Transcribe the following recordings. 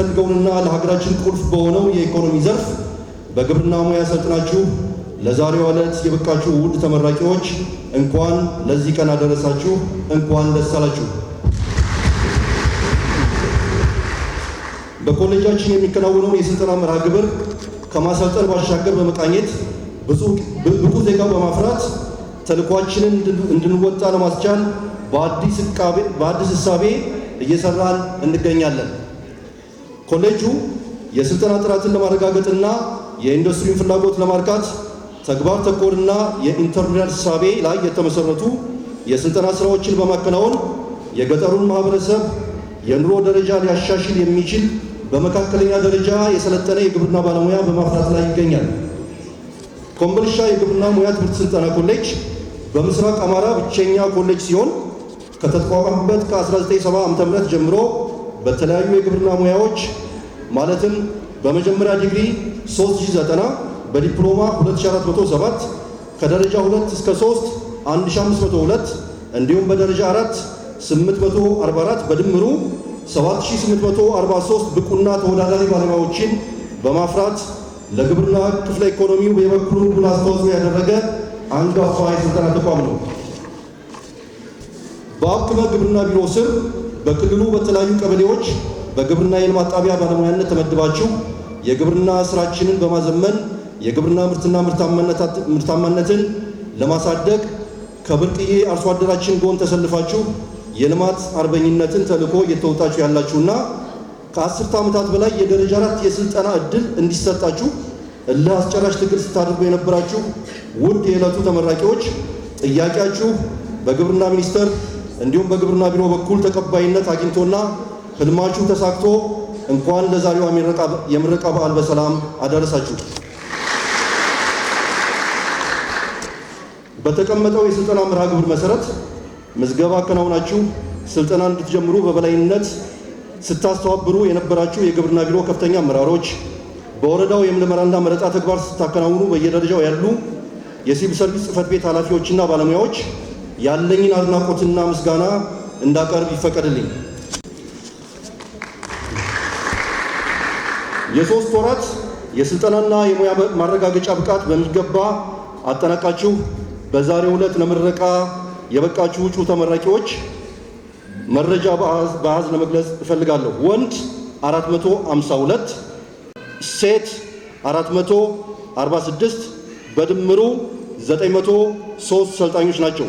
የሚፈልገውንና ለሀገራችን ቁልፍ በሆነው የኢኮኖሚ ዘርፍ በግብርና ሙያ ሰልጥናችሁ ለዛሬው ዕለት የበቃችሁ ውድ ተመራቂዎች እንኳን ለዚህ ቀን አደረሳችሁ፣ እንኳን ደስ አላችሁ። በኮሌጃችን የሚከናወነውን የስልጠና መርሃ ግብር ከማሰልጠን ባሻገር በመቃኘት ብቁ ዜጋ በማፍራት ተልኳችንን እንድንወጣ ለማስቻል በአዲስ እሳቤ እየሰራን እንገኛለን። ኮሌጁ የስልጠና ጥራትን ለማረጋገጥና የኢንዱስትሪን ፍላጎት ለማርካት ተግባር ተኮርና የኢንተርፕሪነር ሳቤ ላይ የተመሰረቱ የስልጠና ስራዎችን በማከናወን የገጠሩን ማህበረሰብ የኑሮ ደረጃ ሊያሻሽል የሚችል በመካከለኛ ደረጃ የሰለጠነ የግብርና ባለሙያ በማፍራት ላይ ይገኛል። ኮምቦልቻ የግብርና ሙያ ትምህርት ስልጠና ኮሌጅ በምስራቅ አማራ ብቸኛ ኮሌጅ ሲሆን ከተቋቋመበት ከ1970 ዓ.ም ጀምሮ በተለያዩ የግብርና ሙያዎች ማለትም በመጀመሪያ ዲግሪ 3090፣ በዲፕሎማ 2407፣ ከደረጃ 2 እስከ 3 1502 እንዲሁም በደረጃ 4 844 በድምሩ 7843 ብቁና ተወዳዳሪ ባለሙያዎችን በማፍራት ለግብርና ክፍለ ኢኮኖሚው የበኩሉን ሁሉ አስተዋጽኦ ያደረገ አንጋፋ የስልጠና ተቋም ነው። በአብክመ ግብርና ቢሮ ስር በክልሉ በተለያዩ ቀበሌዎች በግብርና የልማት ጣቢያ ባለሙያነት ተመድባችሁ የግብርና ስራችንን በማዘመን የግብርና ምርትና ምርታማነትን ለማሳደግ ከብርቅዬ አርሶ አደራችን ጎን ተሰልፋችሁ የልማት አርበኝነትን ተልዕኮ እየተወጣችሁ ያላችሁና ከአስርተ ዓመታት በላይ የደረጃ አራት የስልጠና እድል እንዲሰጣችሁ እልህ አስጨራሽ ትግል ስታደርጉ የነበራችሁ ውድ የዕለቱ ተመራቂዎች ጥያቄያችሁ በግብርና ሚኒስቴር እንዲሁም በግብርና ቢሮ በኩል ተቀባይነት አግኝቶና ህልማችሁ ተሳክቶ እንኳን ለዛሬዋ የምረቃ በዓል በሰላም አደረሳችሁ። በተቀመጠው የስልጠና መርሃ ግብር መሰረት ምዝገባ አከናውናችሁ ስልጠና እንድትጀምሩ በበላይነት ስታስተባብሩ የነበራችሁ የግብርና ቢሮ ከፍተኛ አመራሮች፣ በወረዳው የምልመራና መረጣ ተግባር ስታከናውኑ በየደረጃው ያሉ የሲቪል ሰርቪስ ጽፈት ቤት ኃላፊዎችና ባለሙያዎች ያለኝን አድናቆትና ምስጋና እንዳቀርብ ይፈቀድልኝ። የሶስት ወራት የስልጠናና የሙያ ማረጋገጫ ብቃት በሚገባ አጠናቃችሁ በዛሬው ዕለት ለምረቃ የበቃችሁ ውጩ ተመራቂዎች መረጃ በአሃዝ ለመግለጽ እፈልጋለሁ። ወንድ 452 ሴት 446 በድምሩ 903 ሰልጣኞች ናቸው።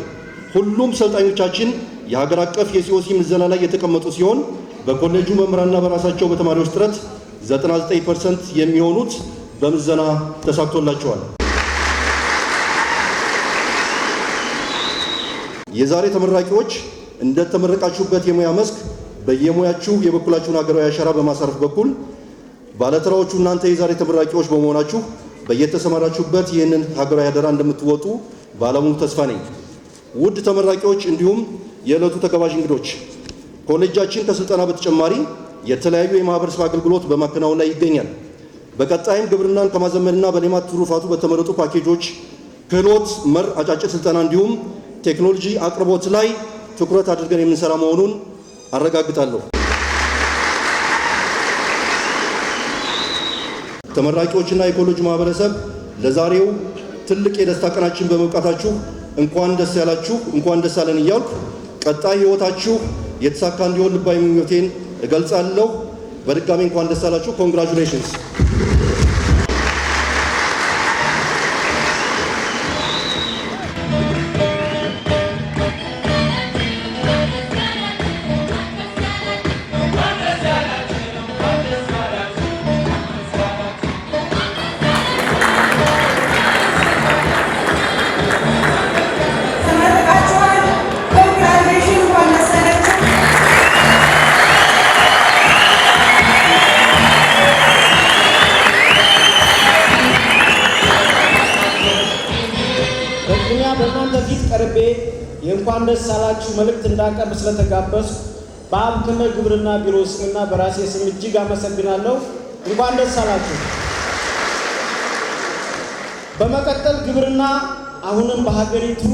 ሁሉም ሰልጣኞቻችን የሀገር አቀፍ የሲኦሲ ምዘና ላይ የተቀመጡ ሲሆን በኮሌጁ መምህራንና በራሳቸው በተማሪዎች ጥረት 99% የሚሆኑት በምዘና ተሳክቶላቸዋል። የዛሬ ተመራቂዎች እንደተመረቃችሁበት የሙያ መስክ በየሙያችሁ የበኩላችሁን ሀገራዊ አሻራ በማሳረፍ በኩል ባለተራዎቹ እናንተ የዛሬ ተመራቂዎች በመሆናችሁ በየተሰማራችሁበት ይህንን ሀገራዊ አደራ እንደምትወጡ ባለሙሉ ተስፋ ነኝ። ውድ ተመራቂዎች እንዲሁም የዕለቱ ተጋባዥ እንግዶች ኮሌጃችን ከስልጠና በተጨማሪ የተለያዩ የማህበረሰብ አገልግሎት በማከናወን ላይ ይገኛል። በቀጣይም ግብርናን ከማዘመንና በሌማት ትሩፋቱ በተመረጡ ፓኬጆች ክህሎት መር አጫጭር ስልጠና እንዲሁም ቴክኖሎጂ አቅርቦት ላይ ትኩረት አድርገን የምንሰራ መሆኑን አረጋግጣለሁ። ተመራቂዎችና የኮሌጅ ማህበረሰብ ለዛሬው ትልቅ የደስታ ቀናችን በመብቃታችሁ እንኳን ደስ ያላችሁ፣ እንኳን ደስ ያለን እያልኩ ቀጣይ ህይወታችሁ የተሳካ እንዲሆን ልባዊ ምኞቴን እገልጻለሁ። በድጋሚ እንኳን ደስ ያላችሁ። ኮንግራቹሌሽንስ ዳግመኛ በእናንተ ፊት ቀርቤ የእንኳን ደስ አላችሁ መልእክት እንዳቀርብ ስለተጋበዝኩ ክመ ግብርና ቢሮ ስምና በራሴ ስም እጅግ አመሰግናለሁ። እንኳን ደስ አላችሁ። በመቀጠል ግብርና አሁንም በሀገሪቱ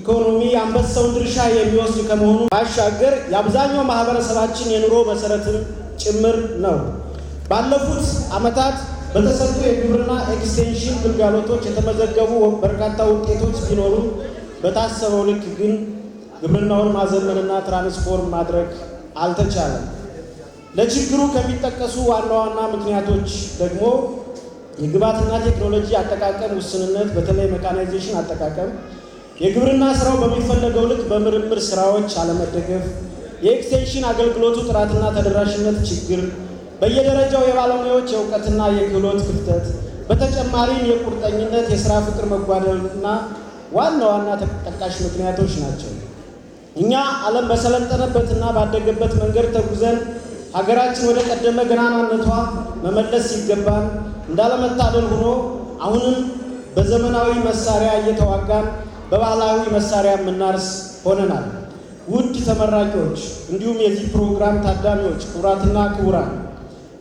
ኢኮኖሚ አንበሳውን ድርሻ የሚወስድ ከመሆኑ ባሻገር የአብዛኛው ማህበረሰባችን የኑሮ መሰረትም ጭምር ነው። ባለፉት ዓመታት በተሰጡ የግብርና ኤክስቴንሽን ግልጋሎቶች የተመዘገቡ በርካታ ውጤቶች ቢኖሩም በታሰበው ልክ ግን ግብርናውን ማዘመንና ትራንስፎርም ማድረግ አልተቻለም። ለችግሩ ከሚጠቀሱ ዋና ዋና ምክንያቶች ደግሞ የግብዓትና ቴክኖሎጂ አጠቃቀም ውስንነት፣ በተለይ ሜካናይዜሽን አጠቃቀም፣ የግብርና ስራው በሚፈለገው ልክ በምርምር ስራዎች አለመደገፍ፣ የኤክስቴንሽን አገልግሎቱ ጥራትና ተደራሽነት ችግር በየደረጃው የባለሙያዎች የእውቀትና የክህሎት ክፍተት፣ በተጨማሪም የቁርጠኝነት የስራ ፍቅር መጓደልና ዋና ዋና ተጠቃሽ ምክንያቶች ናቸው። እኛ ዓለም በሰለጠነበትና ባደገበት መንገድ ተጉዘን ሀገራችን ወደ ቀደመ ገናናነቷ መመለስ ሲገባን እንዳለመታደል ሆኖ አሁንም በዘመናዊ መሳሪያ እየተዋጋን በባህላዊ መሳሪያ የምናርስ ሆነናል። ውድ ተመራቂዎች፣ እንዲሁም የዚህ ፕሮግራም ታዳሚዎች ክቡራትና ክቡራን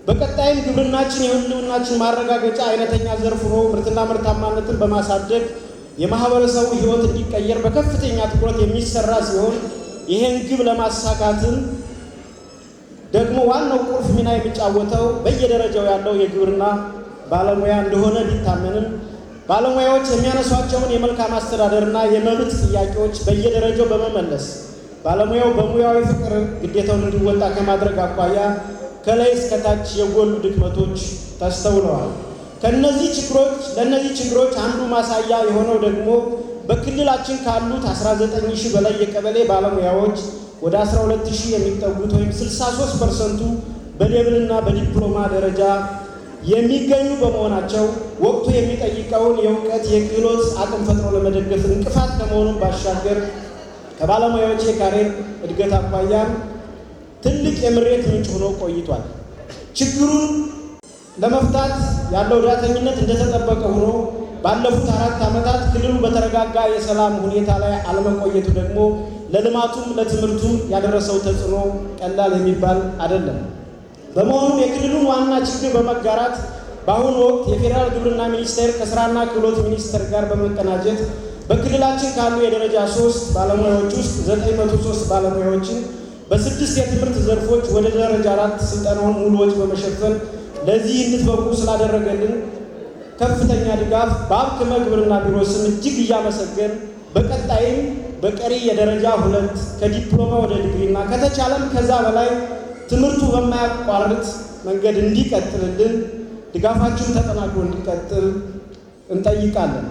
በቀጣይም ግብርናችን የህልውናችን ማረጋገጫ አይነተኛ ዘርፍ ሆኖ ምርትና ምርታማነትን በማሳደግ የማህበረሰቡ ህይወት እንዲቀየር በከፍተኛ ትኩረት የሚሰራ ሲሆን ይህን ግብ ለማሳካትም ደግሞ ዋናው ቁልፍ ሚና የሚጫወተው በየደረጃው ያለው የግብርና ባለሙያ እንደሆነ ቢታመንም ባለሙያዎች የሚያነሷቸውን የመልካም አስተዳደርና የመብት ጥያቄዎች በየደረጃው በመመለስ ባለሙያው በሙያዊ ፍቅር ግዴታውን እንዲወጣ ከማድረግ አኳያ ከላይ እስከታች የጎሉ ድክመቶች ተስተውለዋል። ከነዚህ ችግሮች ለእነዚህ ችግሮች አንዱ ማሳያ የሆነው ደግሞ በክልላችን ካሉት 19 ሺህ በላይ የቀበሌ ባለሙያዎች ወደ 12 ሺህ የሚጠጉት ወይም 63 ፐርሰንቱ በሌብልና በዲፕሎማ ደረጃ የሚገኙ በመሆናቸው ወቅቱ የሚጠይቀውን የእውቀት የክህሎት አቅም ፈጥሮ ለመደገፍ እንቅፋት ከመሆኑም ባሻገር ከባለሙያዎች የካሬር እድገት አኳያን ትልቅ የምሬት ምንጭ ሆኖ ቆይቷል። ችግሩን ለመፍታት ያለው ዳተኝነት እንደተጠበቀ ሆኖ ባለፉት አራት ዓመታት ክልሉ በተረጋጋ የሰላም ሁኔታ ላይ አለመቆየቱ ደግሞ ለልማቱም ለትምህርቱም ያደረሰው ተጽዕኖ ቀላል የሚባል አይደለም። በመሆኑም የክልሉን ዋና ችግር በመጋራት በአሁኑ ወቅት የፌዴራል ግብርና ሚኒስቴር ከስራና ክህሎት ሚኒስቴር ጋር በመቀናጀት በክልላችን ካሉ የደረጃ ሶስት ባለሙያዎች ውስጥ ዘጠኝ ባለሙያዎችን በስድስት የትምህርት ዘርፎች ወደ ደረጃ አራት ስልጠናውን ሙሉ ወጪ በመሸፈን ለዚህ እንድትበቁ ስላደረገልን ከፍተኛ ድጋፍ በአብክመ ግብርና ቢሮ ስም እጅግ እያመሰገን በቀጣይም በቀሪ የደረጃ ሁለት ከዲፕሎማ ወደ ዲግሪ እና ከተቻለም ከዛ በላይ ትምህርቱ በማያቋርጥ መንገድ እንዲቀጥልልን ድጋፋችሁን ተጠናክሮ እንዲቀጥል እንጠይቃለን።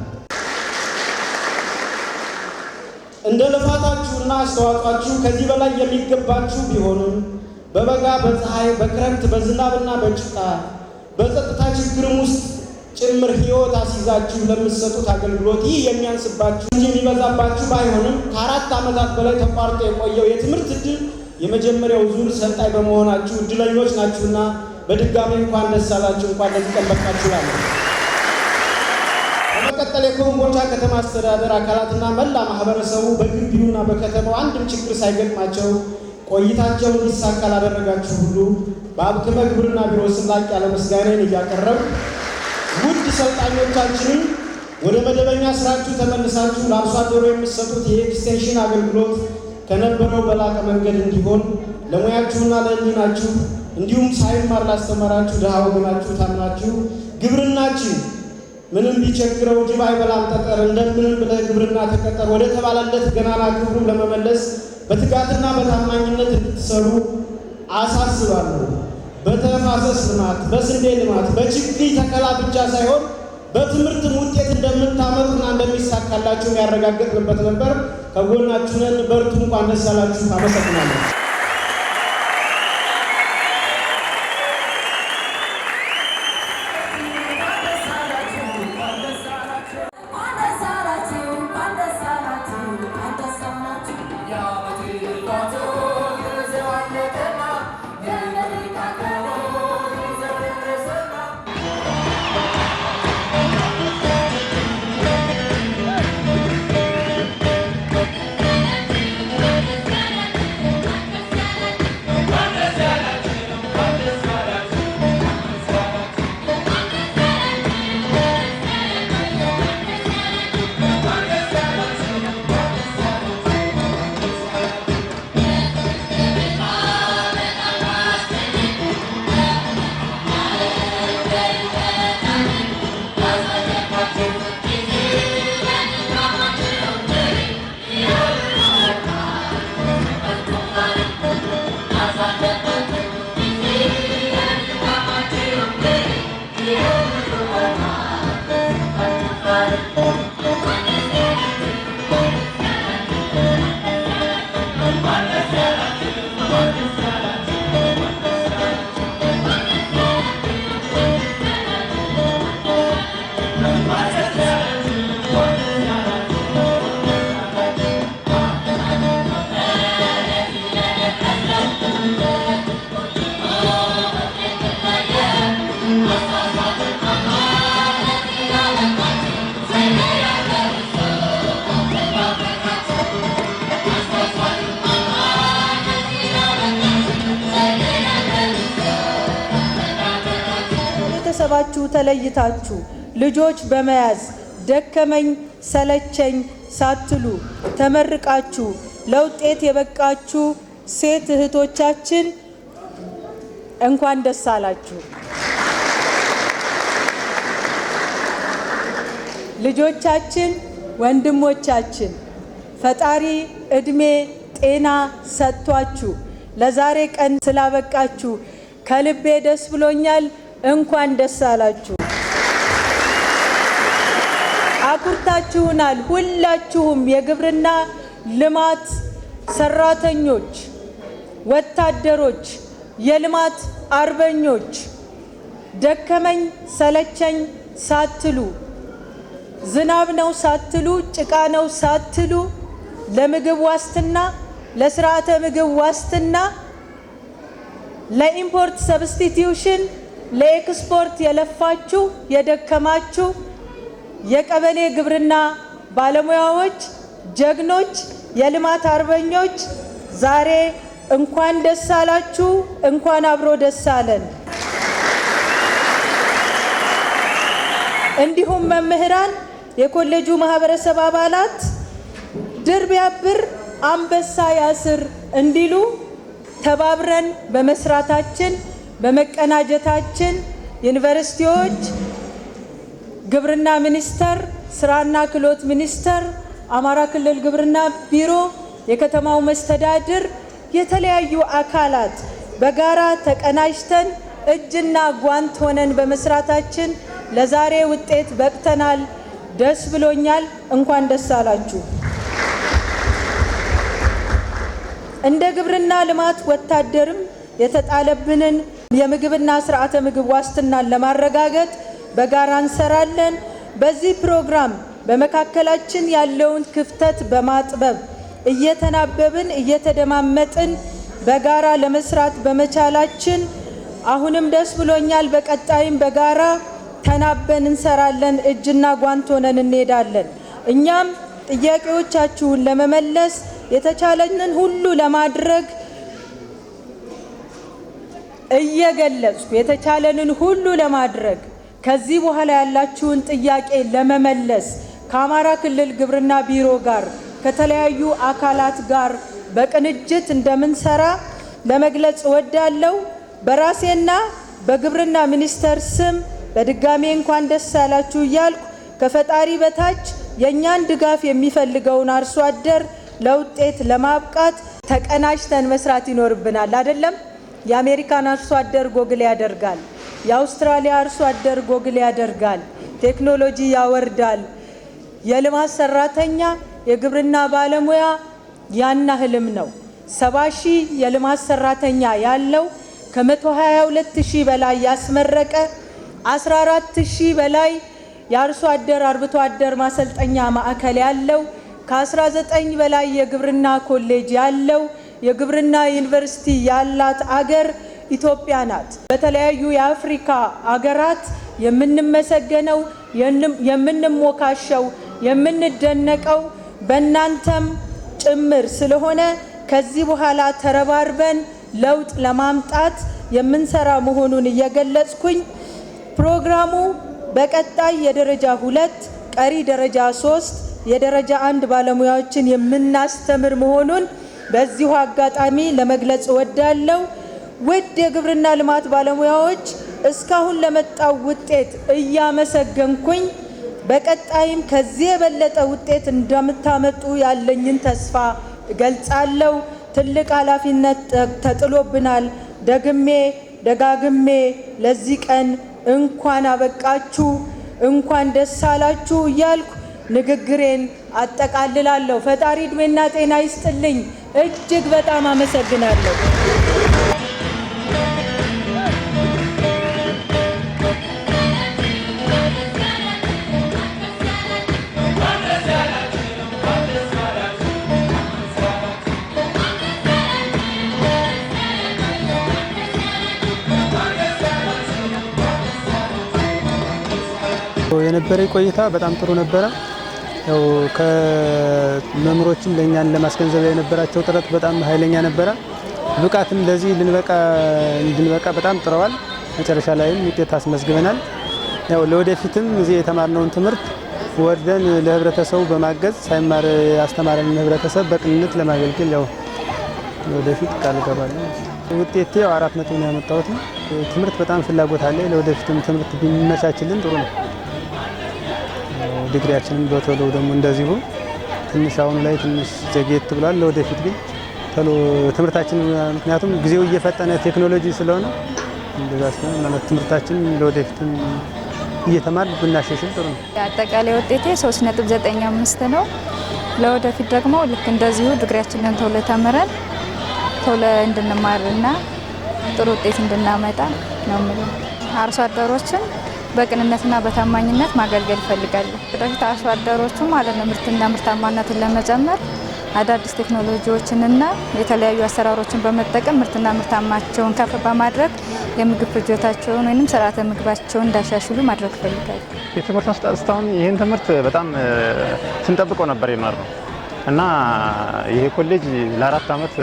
እንደ ልፋታችሁና አስተዋጽኦአችሁ ከዚህ በላይ የሚገባችሁ ቢሆንም በበጋ በፀሐይ በክረምት በዝናብና በጭቃ በጸጥታ ችግርም ውስጥ ጭምር ሕይወት አስይዛችሁ ለምትሰጡት አገልግሎት ይህ የሚያንስባችሁ እንጂ የሚበዛባችሁ ባይሆንም ከአራት ዓመታት በላይ ተቋርጦ የቆየው የትምህርት ዕድል የመጀመሪያው ዙር ሰልጣኝ በመሆናችሁ እድለኞች ናችሁና በድጋሚ እንኳን ደስ አላችሁ፣ እንኳን ለዚህ ቀን በቃችሁ እላለሁ። በመቀጠል የኮምቦልቻ ከተማ አስተዳደር አካላትና መላ ማህበረሰቡ በግቢውና በከተማው አንድም ችግር ሳይገጥማቸው ቆይታቸው እንዲሳካ ላደረጋችሁ ሁሉ በአብክመ ግብርና ቢሮ ስም ላቅ ያለ ምስጋናን እያቀረብ ውድ ሰልጣኞቻችንን ወደ መደበኛ ስራችሁ ተመልሳችሁ ለአርሶ አደሩ የምትሰጡት የኤክስቴንሽን አገልግሎት ከነበረው በላቀ መንገድ እንዲሆን ለሙያችሁና ለህሊናችሁ እንዲሁም ሳይማር ላስተማራችሁ ድሃ ወገናችሁ ታምናችሁ ግብርናችን ምንም ቢቸግረው ጅብ አይበላም ጠጠር፣ እንደምንም ብለህ ግብርና ተቀጠር ወደ ተባለለት ገናና ክብሩ ለመመለስ በትጋትና በታማኝነት እንድትሰሩ አሳስባለሁ። በተፋሰስ ልማት፣ በስንዴ ልማት፣ በችግኝ ተከላ ብቻ ሳይሆን በትምህርትም ውጤት እንደምታመጡና እንደሚሳካላችሁ የሚያረጋግጥንበት ነበር። ከጎናችሁ ነን። በርቱ። እንኳን ደስ አላችሁ። አመሰግናለሁ። ከቤተሰባችሁ ተለይታችሁ ልጆች በመያዝ ደከመኝ ሰለቸኝ ሳትሉ ተመርቃችሁ ለውጤት የበቃችሁ ሴት እህቶቻችን እንኳን ደስ አላችሁ። ልጆቻችን፣ ወንድሞቻችን ፈጣሪ እድሜ ጤና ሰጥቷችሁ ለዛሬ ቀን ስላበቃችሁ ከልቤ ደስ ብሎኛል። እንኳን ደስ አላችሁ። አኩርታችሁናል። ሁላችሁም የግብርና ልማት ሰራተኞች፣ ወታደሮች፣ የልማት አርበኞች ደከመኝ ሰለቸኝ ሳትሉ፣ ዝናብ ነው ሳትሉ፣ ጭቃ ነው ሳትሉ ለምግብ ዋስትና ለስርዓተ ምግብ ዋስትና ለኢምፖርት ሰብስቲቲዩሽን ለኤክስፖርት የለፋችሁ የደከማችሁ የቀበሌ ግብርና ባለሙያዎች፣ ጀግኖች፣ የልማት አርበኞች ዛሬ እንኳን ደስ አላችሁ፣ እንኳን አብሮ ደስ አለን። እንዲሁም መምህራን፣ የኮሌጁ ማህበረሰብ አባላት ድር ቢያብር አንበሳ ያስር እንዲሉ ተባብረን በመስራታችን በመቀናጀታችን ዩኒቨርሲቲዎች፣ ግብርና ሚኒስቴር፣ ስራና ክህሎት ሚኒስቴር፣ አማራ ክልል ግብርና ቢሮ፣ የከተማው መስተዳድር፣ የተለያዩ አካላት በጋራ ተቀናጅተን እጅና ጓንት ሆነን በመስራታችን ለዛሬ ውጤት በቅተናል። ደስ ብሎኛል። እንኳን ደስ አላችሁ። እንደ ግብርና ልማት ወታደርም የተጣለብንን የምግብና ስርዓተ ምግብ ዋስትናን ለማረጋገጥ በጋራ እንሰራለን። በዚህ ፕሮግራም በመካከላችን ያለውን ክፍተት በማጥበብ እየተናበብን እየተደማመጥን በጋራ ለመስራት በመቻላችን አሁንም ደስ ብሎኛል። በቀጣይም በጋራ ተናበን እንሰራለን። እጅና ጓንት ሆነን እንሄዳለን። እኛም ጥያቄዎቻችሁን ለመመለስ የተቻለንን ሁሉ ለማድረግ እየገለጽኩ የተቻለንን ሁሉ ለማድረግ ከዚህ በኋላ ያላችሁን ጥያቄ ለመመለስ ከአማራ ክልል ግብርና ቢሮ ጋር ከተለያዩ አካላት ጋር በቅንጅት እንደምንሰራ ለመግለጽ እወዳለሁ። በራሴና በግብርና ሚኒስቴር ስም በድጋሜ እንኳን ደስ ያላችሁ እያልኩ ከፈጣሪ በታች የእኛን ድጋፍ የሚፈልገውን አርሶ አደር ለውጤት ለማብቃት ተቀናጅተን መስራት ይኖርብናል አይደለም? የአሜሪካን አርሶ አደር ጎግል ያደርጋል። የአውስትራሊያ አርሶ አደር ጎግል ያደርጋል። ቴክኖሎጂ ያወርዳል። የልማት ሰራተኛ፣ የግብርና ባለሙያ ያና ህልም ነው። ሰባ ሺህ የልማት ሰራተኛ ያለው ከ122 ሺህ በላይ ያስመረቀ 14 ሺህ በላይ የአርሶ አደር አርብቶ አደር ማሰልጠኛ ማዕከል ያለው ከ19 በላይ የግብርና ኮሌጅ ያለው የግብርና ዩኒቨርሲቲ ያላት አገር ኢትዮጵያ ናት። በተለያዩ የአፍሪካ አገራት የምንመሰገነው፣ የምንሞካሸው፣ የምንደነቀው በእናንተም ጭምር ስለሆነ ከዚህ በኋላ ተረባርበን ለውጥ ለማምጣት የምንሰራ መሆኑን እየገለጽኩኝ ፕሮግራሙ በቀጣይ የደረጃ ሁለት ቀሪ ደረጃ ሶስት የደረጃ አንድ ባለሙያዎችን የምናስተምር መሆኑን በዚሁ አጋጣሚ ለመግለጽ እወዳለሁ። ውድ የግብርና ልማት ባለሙያዎች እስካሁን ለመጣው ውጤት እያመሰገንኩኝ በቀጣይም ከዚህ የበለጠ ውጤት እንደምታመጡ ያለኝን ተስፋ እገልጻለሁ። ትልቅ ኃላፊነት ተጥሎብናል። ደግሜ ደጋግሜ ለዚህ ቀን እንኳን አበቃችሁ፣ እንኳን ደስ አላችሁ እያልኩ ንግግሬን አጠቃልላለሁ። ፈጣሪ እድሜና ጤና ይስጥልኝ። እጅግ በጣም አመሰግናለሁ። የነበረ ቆይታ በጣም ጥሩ ነበረ። ያው ከመምህሮችም ለእኛን ለማስገንዘብ የነበራቸው ጥረት በጣም ኃይለኛ ነበረ። ብቃትም ለዚህ ልንበቃ እንድንበቃ በጣም ጥረዋል። መጨረሻ ላይም ውጤት አስመዝግበናል። ያው ለወደፊትም እዚህ የተማርነውን ትምህርት ወርደን ለህብረተሰቡ በማገዝ ሳይማር ያስተማረንን ህብረተሰብ በቅንነት ለማገልገል ያው ለወደፊት ቃል እገባለሁ። ውጤቴ ያው አራት ነጥብ ነው ያመጣሁት። ትምህርት በጣም ፍላጎት አለ። ለወደፊትም ትምህርት ቢመቻችልን ጥሩ ነው። ዲግሪያችንን በቶሎ ደግሞ እንደዚሁ ትንሽ አሁኑ ላይ ትንሽ ዘግየት ብሏል። ለወደፊት ግን ቶሎ ትምህርታችን ምክንያቱም ጊዜው እየፈጠነ ቴክኖሎጂ ስለሆነ እንደዛ ስለሆነ ማለት ትምህርታችን ለወደፊትም እየተማር ብናሸሽል ጥሩ ነው። የአጠቃላይ ውጤቴ 3.95 ነው። ለወደፊት ደግሞ ልክ እንደዚሁ ድግሪያችንን ቶሎ ተምረን ቶሎ እንድንማርና ጥሩ ውጤት እንድናመጣ ነው ምለው አርሶ አደሮችን በቅንነትና በታማኝነት ማገልገል ይፈልጋሉ። ወደፊት አርሶ አደሮቹ ማለት ነው ምርትና ምርታማነትን ለመጨመር አዳዲስ ቴክኖሎጂዎችንና የተለያዩ አሰራሮችን በመጠቀም ምርትና ምርታማቸውን ከፍ በማድረግ የምግብ ፍጆታቸውን ወይም ስርዓተ ምግባቸውን እንዳሻሽሉ ማድረግ ይፈልጋሉ። የትምህርት አሰጣጥ ይህን ትምህርት በጣም ስንጠብቀው ነበር የኖር ነው እና ይሄ ኮሌጅ ለአራት ዓመት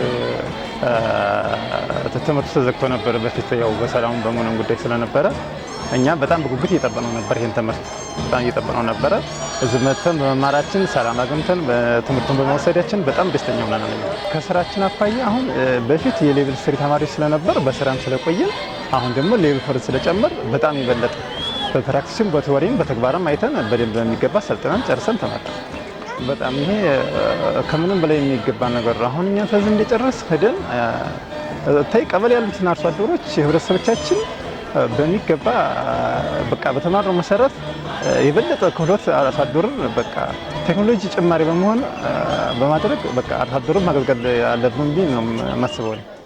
ትምህርቱ ተዘግቶ ነበር። በፊት ያው በሰላሙን በመሆኑን ጉዳይ ስለነበረ እኛ በጣም በጉጉት እየጠበቅነው ነበር። ይህን ትምህርት በጣም እየጠበቅነው ነበረ። እዚህ መጥተን በመማራችን ሰላም አግኝተን ትምህርቱን በመውሰዳችን በጣም ደስተኛ ሆነናል። ከስራችን አኳያ አሁን በፊት የሌቭል ስሪ ተማሪዎች ስለነበር በስራም ስለቆየን አሁን ደግሞ ሌቭል ፎር ስለጨመር በጣም ይበለጠ በፕራክቲስም በተወሪም በተግባርም አይተን በደንብ በሚገባ ሰልጥነን ጨርሰን ተመርተን በጣም ይሄ ከምንም በላይ የሚገባ ነገር ነው። አሁን እኛ ተዝ እንደጨረስ ሄደን ተይ ቀበሌ ያሉትን አርሶ አደሮች የህብረተሰቦቻችን በሚገባ በቃ በተማረው መሰረት የበለጠ ክህሎት አርሶ አደሩን በቃ ቴክኖሎጂ ጭማሪ በመሆን በማድረግ በቃ አርሶ አደሩን ማገልገል ያለብን ነው የማስበው።